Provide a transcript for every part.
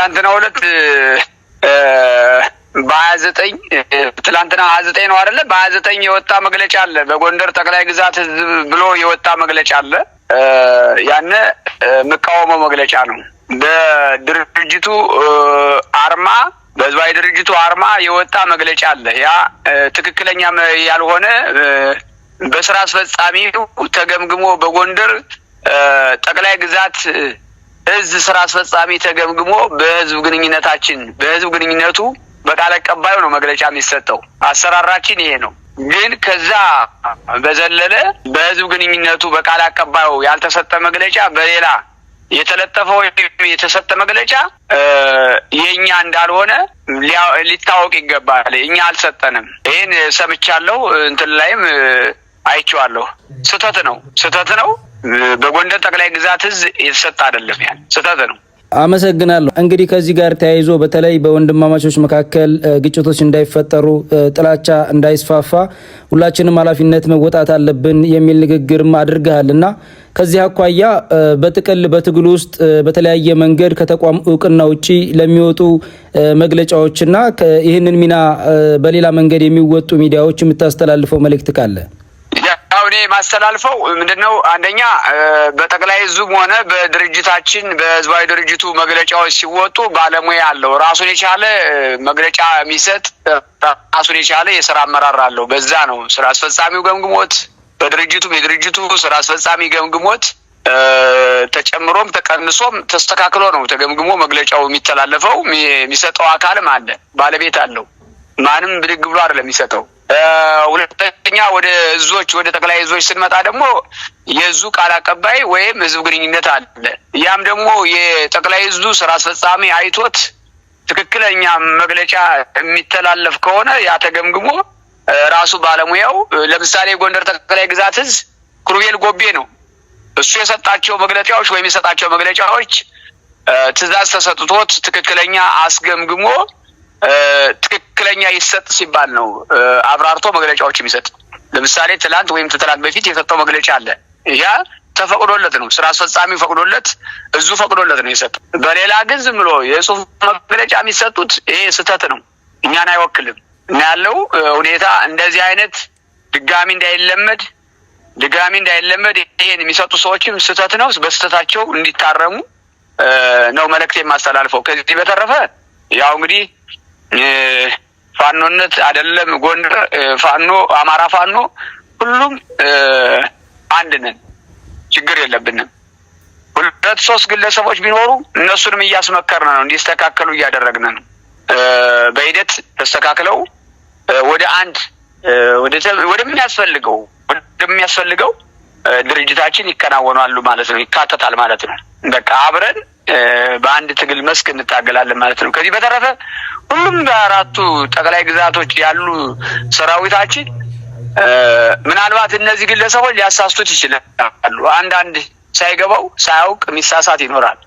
በትላንትና ሁለት በሀያ ዘጠኝ ትላንትና ሀያ ዘጠኝ ነው አደለ? በሀያ ዘጠኝ የወጣ መግለጫ አለ። በጎንደር ጠቅላይ ግዛት ህዝብ ብሎ የወጣ መግለጫ አለ። ያነ የምቃወመው መግለጫ ነው። በድርጅቱ አርማ በህዝባዊ ድርጅቱ አርማ የወጣ መግለጫ አለ። ያ ትክክለኛ ያልሆነ በስራ አስፈጻሚው ተገምግሞ በጎንደር ጠቅላይ ግዛት እዝ ስራ አስፈጻሚ ተገምግሞ በህዝብ ግንኙነታችን በህዝብ ግንኙነቱ በቃል አቀባዩ ነው መግለጫ የሚሰጠው። አሰራራችን ይሄ ነው። ግን ከዛ በዘለለ በህዝብ ግንኙነቱ በቃል አቀባዩ ያልተሰጠ መግለጫ በሌላ የተለጠፈ ወይም የተሰጠ መግለጫ የእኛ እንዳልሆነ ሊታወቅ ይገባል። እኛ አልሰጠንም። ይህን ሰምቻለሁ፣ እንትን ላይም አይቼዋለሁ። ስህተት ነው፣ ስህተት ነው። በጎንደር ጠቅላይ ግዛት እዝ የተሰጠ አይደለም። ያ ስህተት ነው። አመሰግናለሁ። እንግዲህ ከዚህ ጋር ተያይዞ በተለይ በወንድማማቾች መካከል ግጭቶች እንዳይፈጠሩ፣ ጥላቻ እንዳይስፋፋ ሁላችንም ኃላፊነት መወጣት አለብን የሚል ንግግርም አድርገሃል እና ከዚህ አኳያ በጥቅል በትግል ውስጥ በተለያየ መንገድ ከተቋም እውቅና ውጪ ለሚወጡ መግለጫዎችና ይህንን ሚና በሌላ መንገድ የሚወጡ ሚዲያዎች የምታስተላልፈው መልእክት ካለ እኔ የማስተላልፈው ምንድነው፣ አንደኛ በጠቅላይ ህዝቡም ሆነ በድርጅታችን በህዝባዊ ድርጅቱ መግለጫዎች ሲወጡ ባለሙያ አለው። ራሱን የቻለ መግለጫ የሚሰጥ ራሱን የቻለ የስራ አመራር አለው። በዛ ነው ስራ አስፈጻሚው ገምግሞት፣ በድርጅቱም የድርጅቱ ስራ አስፈጻሚ ገምግሞት ተጨምሮም ተቀንሶም ተስተካክሎ ነው ተገምግሞ መግለጫው የሚተላለፈው። የሚሰጠው አካልም አለ፣ ባለቤት አለው። ማንም ብድግ ብሎ አይደለም የሚሰጠው ሁለተኛ ወደ እዞች ወደ ጠቅላይ እዞች ስንመጣ ደግሞ የእዙ ቃል አቀባይ ወይም ህዝብ ግንኙነት አለ። ያም ደግሞ የጠቅላይ እዙ ስራ አስፈጻሚ አይቶት ትክክለኛ መግለጫ የሚተላለፍ ከሆነ ያተገምግሞ ራሱ ባለሙያው ለምሳሌ ጎንደር ጠቅላይ ግዛት እዝ ክሩቤል ጎቤ ነው። እሱ የሰጣቸው መግለጫዎች ወይም የሰጣቸው መግለጫዎች ትእዛዝ ተሰጥቶት ትክክለኛ አስገምግሞ ትክክለኛ ይሰጥ ሲባል ነው አብራርቶ መግለጫዎች የሚሰጥ። ለምሳሌ ትላንት ወይም ትላንት በፊት የሰጠው መግለጫ አለ። ያ ተፈቅዶለት ነው፣ ስራ አስፈጻሚ ፈቅዶለት፣ እዙ ፈቅዶለት ነው የሰጠው። በሌላ ግን ዝም ብሎ የጽሁፍ መግለጫ የሚሰጡት ይሄ ስህተት ነው፣ እኛን አይወክልም እና ያለው ሁኔታ እንደዚህ አይነት ድጋሚ እንዳይለመድ ድጋሚ እንዳይለመድ ይሄን የሚሰጡ ሰዎችም ስህተት ነው፣ በስህተታቸው እንዲታረሙ ነው መልእክት የማስተላልፈው። ከዚህ በተረፈ ያው እንግዲህ ፋኖነት አይደለም ጎንደር ፋኖ፣ አማራ ፋኖ፣ ሁሉም አንድ ነን። ችግር የለብንም። ሁለት ሶስት ግለሰቦች ቢኖሩ እነሱንም እያስመከርን ነው፣ እንዲስተካከሉ እያደረግን ነው። በሂደት ተስተካክለው ወደ አንድ ወደሚያስፈልገው ወደሚያስፈልገው ድርጅታችን ይከናወናሉ ማለት ነው፣ ይካተታል ማለት ነው። በቃ አብረን በአንድ ትግል መስክ እንታገላለን ማለት ነው። ከዚህ በተረፈ ሁሉም በአራቱ ጠቅላይ ግዛቶች ያሉ ሰራዊታችን ምናልባት እነዚህ ግለሰቦች ሊያሳስቱት ይችላሉ። አንዳንድ ሳይገባው ሳያውቅ የሚሳሳት ይኖራል።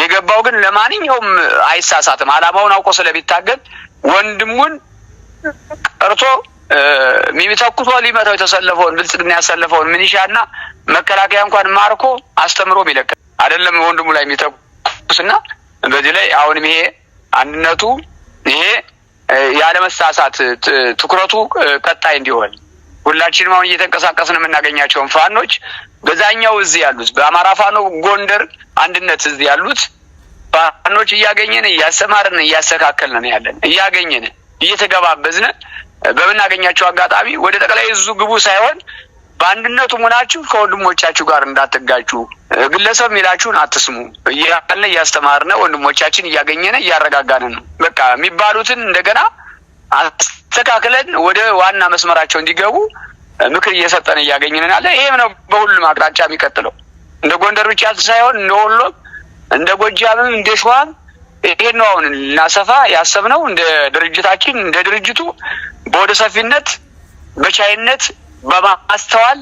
የገባው ግን ለማንኛውም አይሳሳትም። ዓላማውን አውቆ ስለሚታገል ወንድሙን ቀርቶ የሚተኩሶ ሊመታው የተሰለፈውን ብልጽግና ያሰለፈውን ምንሻና መከላከያ እንኳን ማርኮ አስተምሮ ይለቃል። አይደለም ወንድሙ ላይ የሚተኩ ቅዱስና በዚህ ላይ አሁንም ይሄ አንድነቱ ይሄ ያለመሳሳት ትኩረቱ ቀጣይ እንዲሆን ሁላችንም አሁን እየተንቀሳቀስን የምናገኛቸውን ፋኖች በዛኛው እዚህ ያሉት በአማራ ፋኖ ጎንደር አንድነት እዚህ ያሉት ፋኖች እያገኘን እያሰማርን እያስተካከልን ያለን እያገኘን እየተገባበዝን በምናገኛቸው አጋጣሚ ወደ ጠቅላይ እዙ ግቡ ሳይሆን በአንድነቱ ሆናችሁ ከወንድሞቻችሁ ጋር እንዳትጋጩ፣ ግለሰብ ሚላችሁን አትስሙ እያልን እያስተማርነ ወንድሞቻችን እያገኘነ እያረጋጋን ነው። በቃ የሚባሉትን እንደገና አስተካክለን ወደ ዋና መስመራቸው እንዲገቡ ምክር እየሰጠን እያገኘን ያለ ይሄም ነው። በሁሉም አቅጣጫ የሚቀጥለው እንደ ጎንደር ብቻ ሳይሆን እንደ ወሎም፣ እንደ ጎጃምም፣ እንደ ሸዋም ይሄን ነው አሁን ልናሰፋ ያሰብነው እንደ ድርጅታችን እንደ ድርጅቱ በወደ ሰፊነት በቻይነት በማስተዋል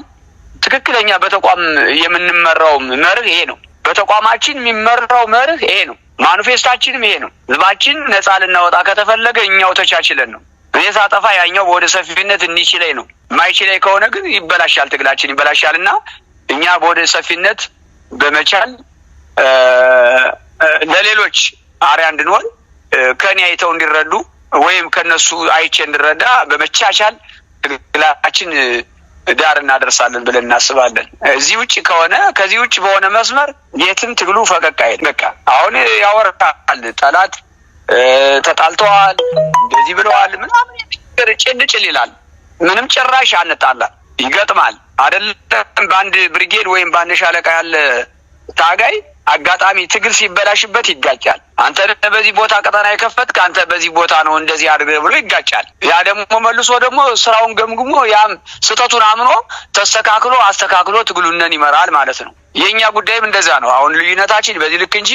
ትክክለኛ በተቋም የምንመራው መርህ ይሄ ነው። በተቋማችን የሚመራው መርህ ይሄ ነው። ማኑፌስታችንም ይሄ ነው። ህዝባችን ነፃ ልናወጣ ከተፈለገ እኛው ተቻችለን ነው። እኔ ሳጠፋ ያኛው በወደ ሰፊነት እንዲችለኝ ነው። ማይችለኝ ከሆነ ግን ይበላሻል፣ ትግላችን ይበላሻል እና እኛ በወደ ሰፊነት በመቻል ለሌሎች አርያ እንድንሆን ከኔ አይተው እንዲረዱ ወይም ከነሱ አይቼ እንድረዳ በመቻቻል ትግላችን ዳር እናደርሳለን ብለን እናስባለን። እዚህ ውጭ ከሆነ ከዚህ ውጭ በሆነ መስመር የትም ትግሉ ፈቀቅ አይል። በቃ አሁን ያወራል ጠላት ተጣልተዋል፣ እንደዚህ ብለዋል፣ ምናምን ጭልጭል ይላል። ምንም ጭራሽ አንጣላ ይገጥማል። አደለም በአንድ ብሪጌድ ወይም በአንድ ሻለቃ ያለ ታጋይ አጋጣሚ ትግል ሲበላሽበት ይጋጫል። አንተ በዚህ ቦታ ቀጠና የከፈትክ አንተ በዚህ ቦታ ነው እንደዚህ አድርገህ ብሎ ይጋጫል። ያ ደግሞ መልሶ ደግሞ ስራውን ገምግሞ ያም ስህተቱን አምኖ ተስተካክሎ አስተካክሎ ትግሉነን ይመራል ማለት ነው። የእኛ ጉዳይም እንደዛ ነው። አሁን ልዩነታችን በዚህ ልክ እንጂ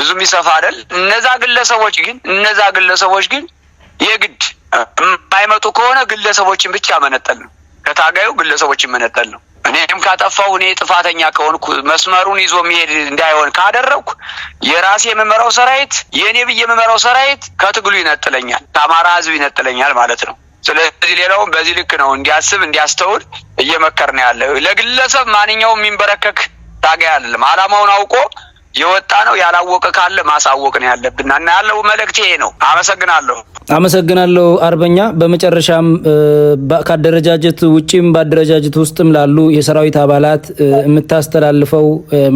ብዙ የሚሰፋ አይደል። እነዛ ግለሰቦች ግን እነዛ ግለሰቦች ግን የግድ የማይመጡ ከሆነ ግለሰቦችን ብቻ መነጠል ነው። ከታጋዩ ግለሰቦችን መነጠል ነው። እኔም ካጠፋው እኔ ጥፋተኛ ከሆንኩ መስመሩን ይዞ መሄድ እንዳይሆን ካደረግኩ የራሴ የምመራው ሰራዊት የእኔ ብዬ የምመራው ሰራዊት ከትግሉ ይነጥለኛል፣ ከአማራ ህዝብ ይነጥለኛል ማለት ነው። ስለዚህ ሌላውም በዚህ ልክ ነው እንዲያስብ እንዲያስተውል እየመከር ያለ። ለግለሰብ ማንኛውም የሚንበረከክ ታጋይ አይደለም። አላማውን አውቆ የወጣ ነው። ያላወቀ ካለ ማሳወቅ ነው ያለብና እና ያለው መልእክት ይሄ ነው። አመሰግናለሁ። አመሰግናለሁ አርበኛ። በመጨረሻም ከአደረጃጀት ውጭም በአደረጃጀት ውስጥም ላሉ የሰራዊት አባላት የምታስተላልፈው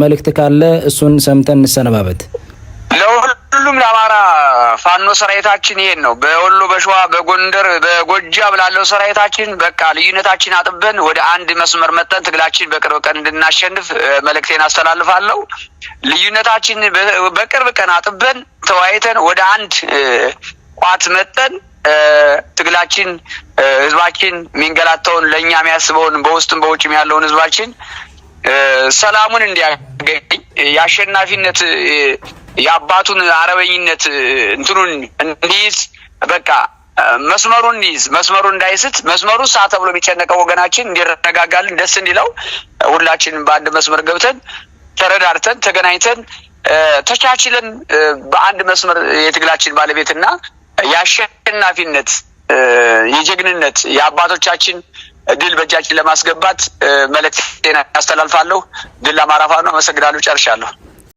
መልእክት ካለ እሱን ሰምተን እንሰነባበት። ሁሉም ለአማራ ፋኖ ሰራዊታችን ይሄን ነው። በወሎ፣ በሸዋ፣ በጎንደር፣ በጎጃም ላለው ሰራዊታችን በቃ ልዩነታችን አጥበን ወደ አንድ መስመር መጠን ትግላችን በቅርብ ቀን እንድናሸንፍ መልእክቴን አስተላልፋለሁ። ልዩነታችን በቅርብ ቀን አጥበን ተወያይተን ወደ አንድ ቋት መጠን ትግላችን ህዝባችን የሚንገላታውን ለእኛ የሚያስበውን በውስጥም በውጭም ያለውን ህዝባችን ሰላሙን እንዲያገኝ የአሸናፊነት የአባቱን አረበኝነት እንትኑን እንዲይዝ በቃ መስመሩን እንዲይዝ መስመሩ እንዳይስት መስመሩ ሳ ተብሎ የሚጨነቀው ወገናችን እንዲረጋጋልን ደስ እንዲለው ሁላችንም በአንድ መስመር ገብተን ተረዳርተን ተገናኝተን ተቻችለን በአንድ መስመር የትግላችን ባለቤትና የአሸናፊነት የጀግንነት የአባቶቻችን ድል በእጃችን ለማስገባት መልእክቴን ያስተላልፋለሁ። ድል አማራ ፋኖ ነው። አመሰግናለሁ። ጨርሻለሁ።